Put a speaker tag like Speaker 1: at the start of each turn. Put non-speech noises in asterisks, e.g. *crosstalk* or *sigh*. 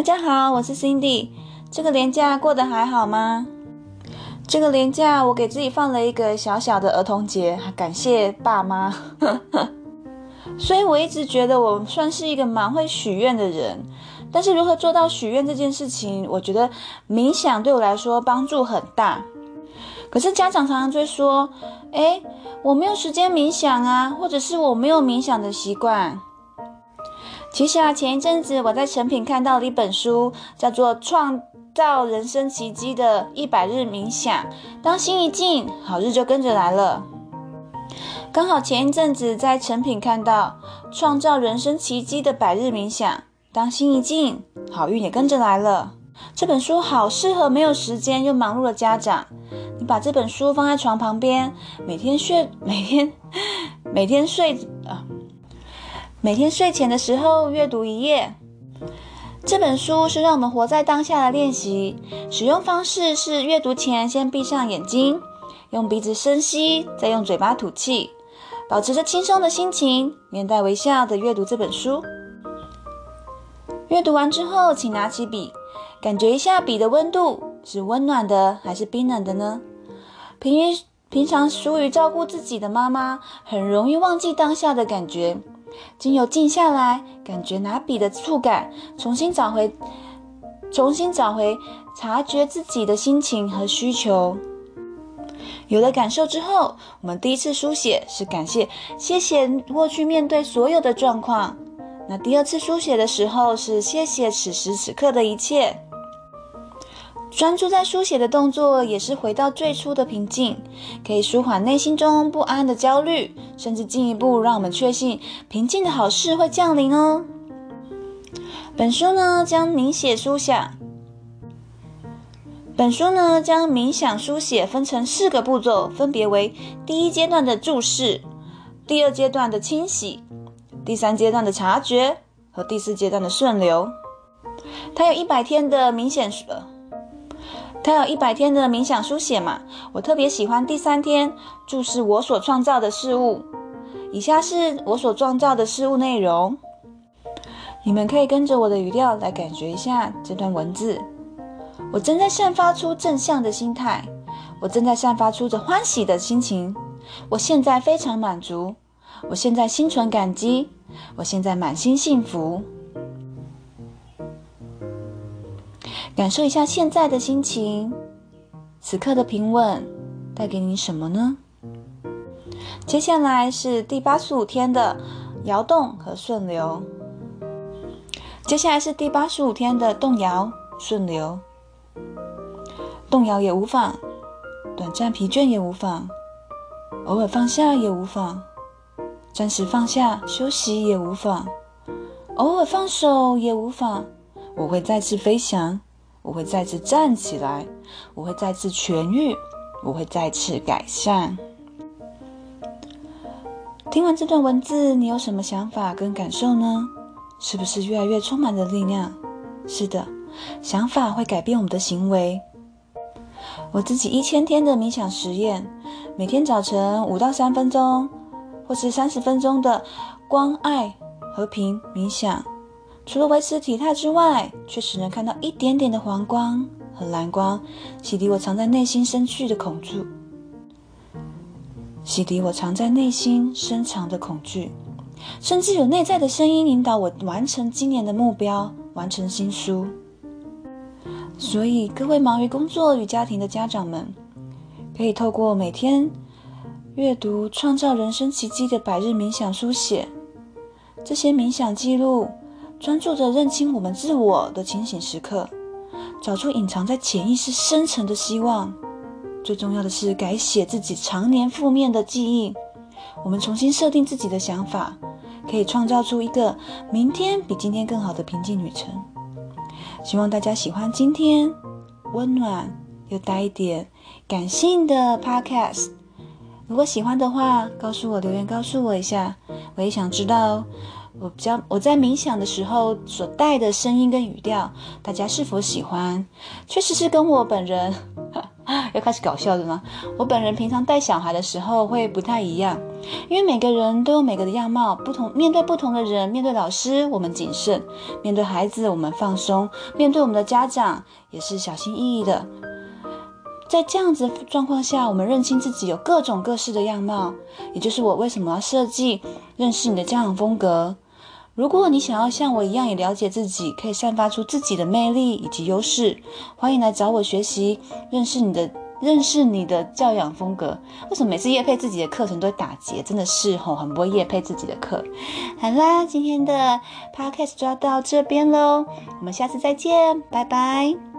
Speaker 1: 大家好，我是 Cindy。這個連假過得還好嗎？這個連假我給自己放了一個小小的兒童節，感謝爸媽。 *laughs* 所以我一直覺得我算是一個蠻會許願的人，但是如何做到許願這件事情，我覺得冥想對我來說幫助很大。可是家長常常會說：“哎，我沒有時間冥想啊，或者是我沒有冥想的習慣。”其實啊，前一陣子我在誠品看到了一本書，叫做《創造人生奇蹟的一百日冥想》。當心一靜，好日就跟着來了。剛好前一陣子在誠品看到《創造人生奇蹟的百日冥想》，當心一靜，好運也跟着來了。這本書好適合沒有時間又忙碌的家長。你把這本書放在床旁邊，每天睡，每天，每天睡啊。每天睡前的時候閱讀一頁，這本書是讓我們活在當下的練習。使用方式是：閱讀前先閉上眼睛，用鼻子深吸，再用嘴巴吐氣，保持着輕鬆的心情，面帶微笑地閱讀這本書。閱讀完之後，請拿起筆，感覺一下筆的溫度，是溫暖的還是冰冷的呢？平平常疏於照顧自己的媽媽，很容易忘記當下的感覺。經由靜下來，感覺拿筆的觸感，重新找回，重新找回，察覺自己的心情和需求。有了感受之後，我們第一次書寫是感謝，謝謝過去面對所有的狀況。那第二次書寫的時候是謝謝此時此刻的一切。專注在書寫的動作，也是回到最初的平靜，可以舒緩內心中不安的焦慮，甚至進一步讓我們確信平靜的好事會降臨哦。本書呢將冥想書寫，本書呢將冥想書寫分成四個步驟，分別為第一階段的注視，第二階段的清洗，第三階段的察覺和第四階段的順流。它有一百天的冥想呃。它有一百天的冥想書寫嘛，我特別喜歡第三天注視我所創造的事物。以下是我所創造的事物內容，你們可以跟着我的語調來感覺一下這段文字。我正在散發出正向的心態，我正在散發出着歡喜的心情，我現在非常滿足，我現在心存感激，我現在滿心幸福。感受一下現在的心情，此刻的平穩帶給你什麼呢？接下來是第八十五天的搖動和順流。接下來是第八十五天的動搖順流，動搖也無妨，短暫疲倦也無妨，偶爾放下也無妨，暫時放下休息也無妨，偶爾放手也無妨，我會再次飛翔。我會再次站起來，我會再次痊癒，我會再次改善。聽完這段文字，你有什麼想法跟感受呢？是不是越來越充滿了力量？是的，想法會改變我們的行為。我自己一千天的冥想實驗，每天早晨五到三分鐘，或是三十分鐘的光愛和平冥想。除了維持體態之外，卻只能看到一點點的黃光和藍光，洗滌我藏在內心深處的恐懼，洗滌我藏在內心深藏的恐懼，甚至有內在的聲音引導我完成今年的目標，完成新書。所以，各位忙於工作與家庭的家長們，可以透過每天閱讀《創造人生奇蹟的百日冥想書寫》，這些冥想記錄。專注着認清我們自我的清醒時刻，找出隱藏在潛意識深層的希望。最重要的是改寫自己長年負面的記憶。我們重新設定自己的想法，可以創造出一個明天比今天更好的平靜旅程。希望大家喜歡今天溫暖又帶一點感性的 Podcast。如果喜歡的話，告訴我留言，告訴我一下，我也想知道哦。我比較我在冥想的時候所帶的聲音跟語調，大家是否喜歡？確實是跟我本人，哈哈，要開始搞笑的嗎？我本人平常帶小孩的時候會不太一樣，因為每個人都有每個的樣貌，不同面對不同的人，面對老師我們謹慎，面對孩子我們放鬆，面對我們的家長也是小心翼翼的。在這樣子狀況下，我們認清自己有各種各式的樣貌，也就是我為什麼要設計認識你的教養風格。如果你想要像我一樣也了解自己，可以散發出自己的魅力以及優勢，歡迎來找我學習，認識你的認識你的教養風格。為什麼每次業配自己的課程都打結？真的是吼，很不會業配自己的課。好啦，今天的 Podcast 就要到這邊嘍，我們下次再見，拜拜。